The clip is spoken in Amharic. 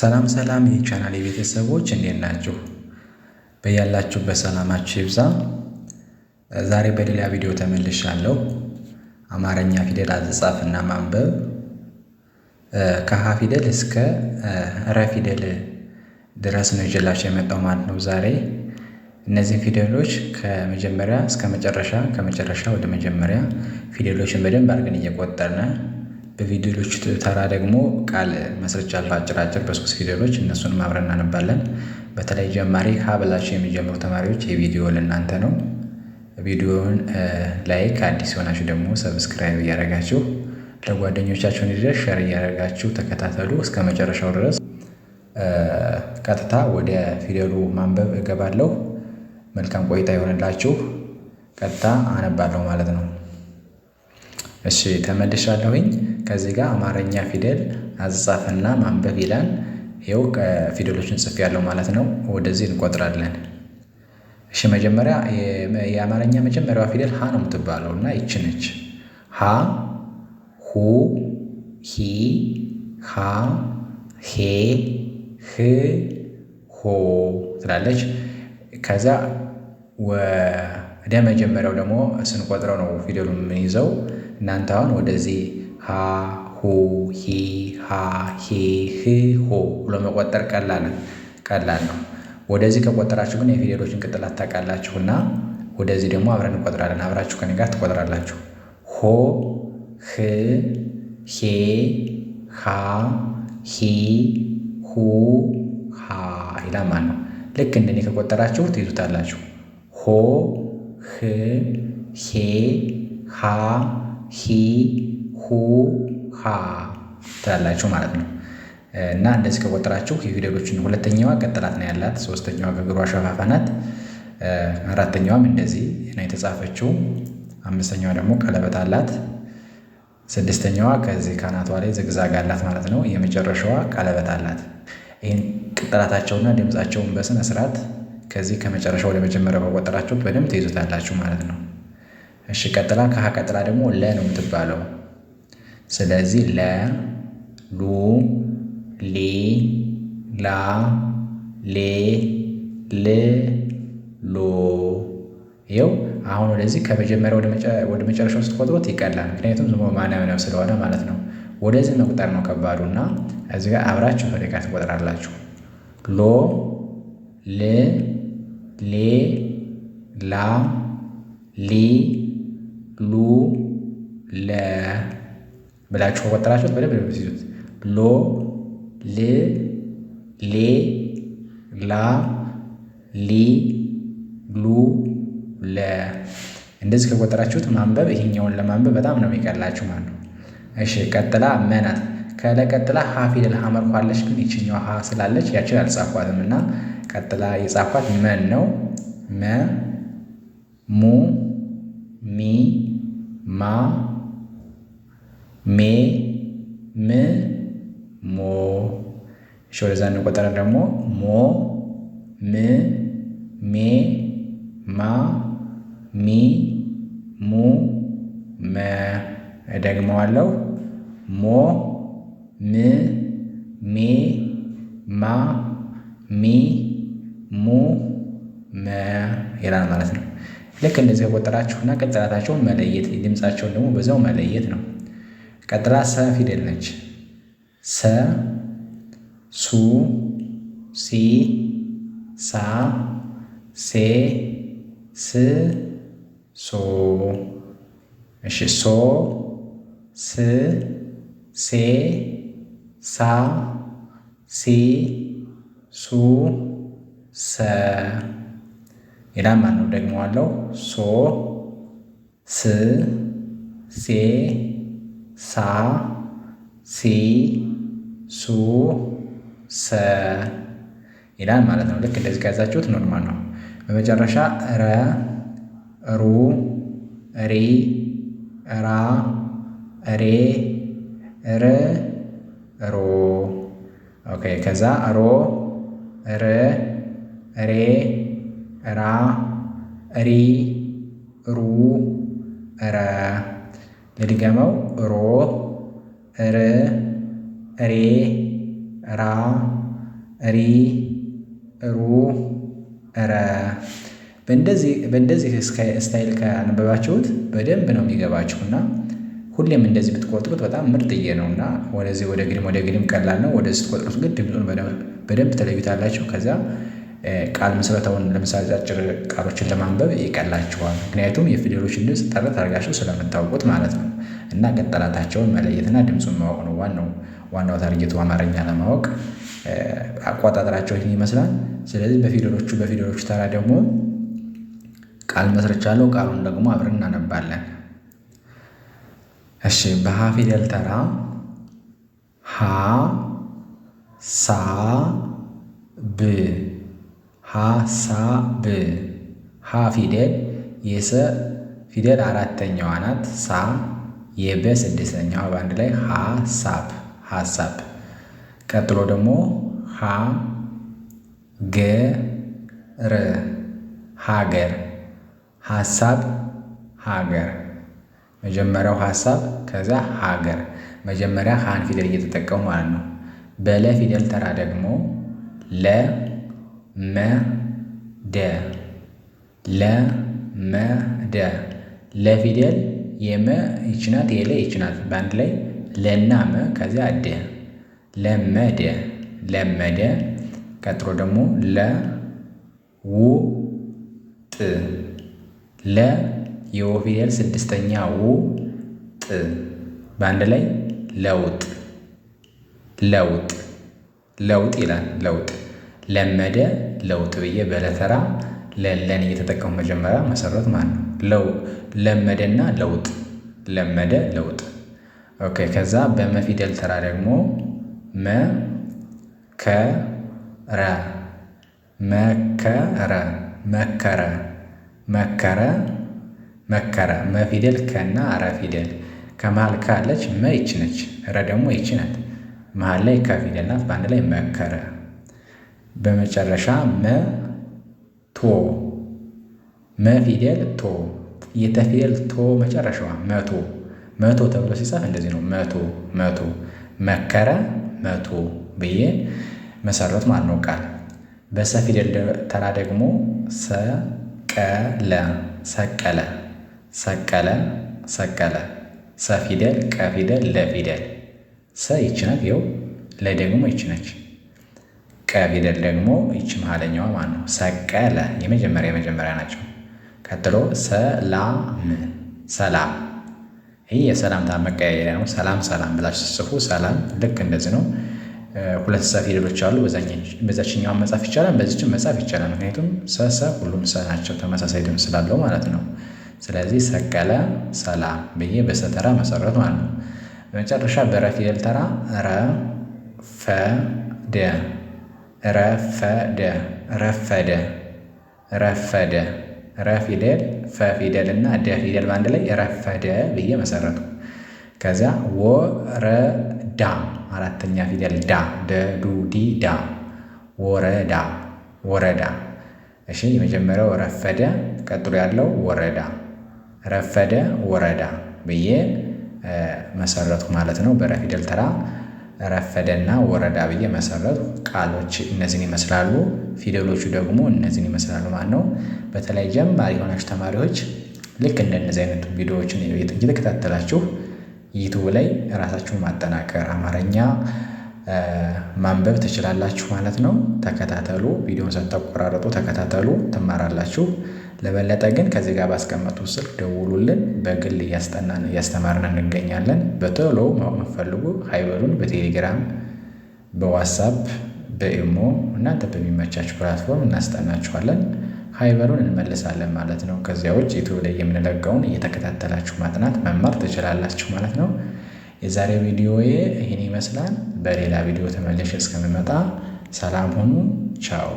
ሰላም ሰላም የቻናል የቤተሰቦች እንዴት ናችሁ? በያላችሁበት ሰላማችሁ ይብዛ። ዛሬ በሌላ ቪዲዮ ተመልሻለሁ። አማርኛ ፊደል አጻጻፍና ማንበብ ከሀ ፊደል እስከ ረ ፊደል ድረስ ነው ይዤላችሁ የመጣው ማለት ነው። ዛሬ እነዚህን ፊደሎች ከመጀመሪያ እስከ መጨረሻ ከመጨረሻ ወደ መጀመሪያ ፊደሎችን በደንብ አድርገን እየቆጠርን በፊደሎች ተራ ደግሞ ቃል መስርቻለሁ አጭር አጭር በሶስት ፊደሎች እነሱን ማብረን እናነባለን። በተለይ ጀማሪ ሀ ብላችሁ የሚጀምሩ ተማሪዎች የቪዲዮ ለእናንተ ነው። ቪዲዮውን ላይክ፣ አዲስ የሆናችሁ ደግሞ ሰብስክራይብ እያደረጋችሁ ለጓደኞቻችሁን እንዲደርስ ሸር እያደረጋችሁ ተከታተሉ እስከ መጨረሻው ድረስ። ቀጥታ ወደ ፊደሉ ማንበብ እገባለሁ። መልካም ቆይታ ይሆንላችሁ። ቀጥታ አነባለሁ ማለት ነው። እሺ ተመልሻለሁኝ ከዚህ ጋር አማርኛ ፊደል አጻጻፍና ማንበብ ይላል ይኸው ፊደሎችን ያለው ማለት ነው ወደዚህ እንቆጥራለን። እሺ መጀመሪያ የአማርኛ መጀመሪያዋ ፊደል ሀ ነው የምትባለው እና ይች ነች። ሀ ሁ ሂ ሃ ሄ ህ ሆ ትላለች። ከዛ መጀመሪያው ደግሞ ስንቆጥረው ነው ፊደሉን የምንይዘው። እናንተ አሁን ወደዚህ ሀ ሁ ሂ ሃ ሂ ህ ሆ ብሎ መቆጠር ቀላል ነው። ወደዚህ ከቆጠራችሁ ግን የፊደሎችን ቅጥላት እና ወደዚህ ደግሞ አብረን እንቆጥራለን። አብራችሁ ከኔ ጋር ትቆጥራላችሁ። ሆ ህ ሄ ሃ ሂ ሁ ሃ ይላማ ነው። ልክ እንደኔ ከቆጠራችሁ ትይዙታላችሁ። ሆ ህ ሄ ሃ ሂ ሁ ሃ ትላላችሁ ማለት ነው። እና እንደዚህ ከቆጠራችሁ ፊደሎችን ሁለተኛዋ ቀጥላት ነው ያላት፣ ሶስተኛዋ በእግሯ ሸፋፋ ናት፣ አራተኛዋም እንደዚህ ነው የተጻፈችው፣ አምስተኛዋ ደግሞ ቀለበት አላት፣ ስድስተኛዋ ከዚህ ካናቷ ላይ ዝግዛግ አላት ማለት ነው። የመጨረሻዋ ቀለበት አላት። ይህን ቅጠላታቸውና ድምፃቸውን በስነ ስርዓት ከዚህ ከመጨረሻ ወደ መጀመሪያው በቆጠራችሁ በደንብ ትይዙታላችሁ ማለት ነው። እሺ ቀጥላ ከሀ ቀጥላ ደግሞ ለ ነው የምትባለው። ስለዚህ ለ ሉ ሊ ላ ሌ ል ሎ ይኸው አሁን ወደዚህ ከመጀመሪያ ወደ መጨረሻው ስትቆጥሩት ይቀላል። ምክንያቱም ዝሞ ማናምናው ስለሆነ ማለት ነው። ወደዚህ መቁጠር ነው ከባዱ እና እዚህ ጋር አብራችሁ ፈደጋ ትቆጥራላችሁ ሎ ል ሌ ላ ሊ ሉ ለ ብላችሁ ከቆጠራችሁት በደንብ ነው ሎ ል ሌ ላ ሊ ሉ ለ እንደዚህ ከቆጠራችሁት ማንበብ ይሄኛውን ለማንበብ በጣም ነው የሚቀላችሁ ማለት ነው። እሺ ቀጥላ መናት ከለቀጥላ ሀ ፊደል ሀመርኳለች ግን ይችኛው ሀ ስላለች ያችን አልጻፏትም እና ቀጥላ የጻፏት መን ነው። መ ሙ ሚ ማ ሜ ም ሞ። እሺ ወደዛ እንቆጠረን ደግሞ ሞ ም ሜ ማ ሚ ሙ መ። እደግመዋለሁ ሞ ም ሜ ማ ሚ ሙ መ ይላል ማለት ነው። ልክ እንደዚህ እና ቀጥላታቸውን መለየት ድምፃቸውን ደግሞ በዛው መለየት ነው። ቀጥላ ሰ ፊደል ነች። ሰ ሱ ሲ ሳ ሴ ስ ሶ። እሺ ሶ ስ ሴ ሳ ሲ ሱ ሰ ሌላም ማን ነው ደግሞ አለው ሶ ስ ሴ ሳ ሲ ሱ ሰ ይላል ማለት ነው። ልክ እንደዚህ ከያዛችሁት ኖርማል ነው። በመጨረሻ ረ ሩ ሪ ራ ሬ ር ሮ ኦኬ ከዛ ሮ ር ሬ ራ ሪ ሩ ረ ልድገመው ሮ ር ሬ ራ ሪ ሩ ረ በእንደዚህ እስታይል ካነበባችሁት በደንብ ነው የሚገባችሁና ሁሌም እንደዚህ ብትቆጥሩት በጣም ምርጥዬ ነው እና ወደዚህ ወደ ግድም ወደ ግድም ቀላል ነው። ወደዚህ ስትቆጥሩት ግን ድምፁን በደንብ ተለዩታላችሁ። ከዛ ቃል ምስረታውን ለምሳሌ አጭር ቃሎችን ለማንበብ ይቀላችኋል። ምክንያቱም የፊደሎችን ድምፅ ጠረት አድርጋችሁ ስለምታውቁት ማለት ነው እና ቀጠላታቸውን መለየትና ድምፁን ማወቅ ነው ዋናው ዋናው ታርጌቱ አማርኛ ለማወቅ አቆጣጠራቸው ይህን ይመስላል። ስለዚህ በፊደሎቹ በፊደሎቹ ተራ ደግሞ ቃል መስርቻለሁ። ቃሉን ደግሞ አብረን እናነባለን። እሺ በሀ ፊደል ተራ ሀ ሳ ብ ሀ ሳ ብ ሀ ፊደል የሰ ፊደል አራተኛዋ ናት። ሳ የበ ስድስተኛዋ በአንድ ላይ ሀ ሳብ ሀሳብ። ቀጥሎ ደግሞ ሀ ገ ር ሀገር ሀሳብ ሀገር መጀመሪያው ሀሳብ ከዛ ሀገር መጀመሪያ ሀን ፊደል እየተጠቀሙ ማለት ነው። በለ ፊደል ተራ ደግሞ ለ መ ደ ለ መ ደ ለ ፊደል የመ ይችናት የለ ይችናት በአንድ ላይ ለና መ ከዚያ ደ ለመደ ለመደ ቀጥሮ ደግሞ ለ ው ጥ ለ የወ ፊደል ስድስተኛ ው ጥ በአንድ ላይ ለውጥ ለውጥ ለውጥ ይላል። ለውጥ ለመደ ለውጥ ብዬ በለተራ ለለን እየተጠቀሙ መጀመሪያ መሰረት ማለት ነው። ለው ለመደና ለውጥ ለመደ ለውጥ። ኦኬ ከዛ በመፊደል ተራ ደግሞ መ ከ ረ መከረ መከረ መከረ መከረ መፊደል ከና ረ ፊደል ከመሃል ካለች መ ይች ነች። ረ ደግሞ ይች ናት። መሃል ላይ ከፊደል ናት። በአንድ ላይ መከረ። በመጨረሻ መ ቶ መፊደል ቶ የተፊደል ቶ መጨረሻዋ መቶ መቶ ተብሎ ሲጻፍ እንደዚህ ነው። መቶ መቶ መከረ መቶ ብዬ መሰረት ማለት ነው ቃል። በሰፊደል ተራ ደግሞ ሰቀለ ሰቀለ ሰቀለ ሰቀለ ሰፊደል ቀፊደል ለፊደል ሰ ይችናት ይኸው ለ ደግሞ ይችነች ቀ ፊደል ደግሞ ይች መሀለኛዋ ማለት ነው። ሰቀለ የመጀመሪያ የመጀመሪያ ናቸው። ቀጥሎ ሰላም ሰላም ይህ የሰላምታ መቀያየሪያ ነው። ሰላም ሰላም ብላችሁ ስጽፉ ሰላም ልክ እንደዚህ ነው። ሁለት ሰ ፊደሎች አሉ። በዛችኛዋን መጻፍ ይቻላል፣ በዚችም መጻፍ ይቻላል። ምክንያቱም ሰሰ ሁሉም ሰ ናቸው ተመሳሳይ ድምፅ ስላለው ማለት ነው። ስለዚህ ሰቀለ ሰላም ብዬ በሰተራ መሰረት ማለት ነው። በመጨረሻ በረፊደል ተራ ረ ረፈደ ረፈደ ረፈደ ረፊደል ፈፊደል እና ደፊደል በአንድ ላይ ረፈደ ብዬ መሰረቱ። ከዚያ ወረዳ አራተኛ ፊደል ዳ ደዱዲ ዱ ዲ ዳ ወረዳ ወረዳ። እሺ የመጀመሪያው ረፈደ፣ ቀጥሎ ያለው ወረዳ ረፈደ ወረዳ ብዬ መሰረቱ ማለት ነው። በረፊደል ተራ ረፈደና ወረዳ ብዬ መሰረቱ። ቃሎች እነዚህን ይመስላሉ። ፊደሎቹ ደግሞ እነዚህን ይመስላሉ ማለት ነው። በተለይ ጀማሪ የሆናችሁ ተማሪዎች ልክ እንደነዚህ አይነቱ ቪዲዮዎችን እየተከታተላችሁ ዩቱብ ላይ ራሳችሁን ማጠናከር አማርኛ ማንበብ ትችላላችሁ ማለት ነው። ተከታተሉ። ቪዲዮን ሳታቆራረጡ ተከታተሉ፣ ትማራላችሁ። ለበለጠ ግን ከዚህ ጋር ባስቀመጡ ስልክ ደውሉልን። በግል እያስጠናን እያስተማርን እንገኛለን። በቶሎ ማወቅ የምትፈልጉ ሀይበሉን በቴሌግራም በዋትሳፕ በኢሞ እናንተ በሚመቻች ፕላትፎርም እናስጠናችኋለን። ሀይበሉን እንመልሳለን ማለት ነው። ከዚያ ውጭ ዩቱብ ላይ የምንለቀውን እየተከታተላችሁ ማጥናት መማር ትችላላችሁ ማለት ነው። የዛሬ ቪዲዮ ይህን ይመስላል። በሌላ ቪዲዮ ተመልሼ እስከምመጣ ሰላም ሁኑ። ቻው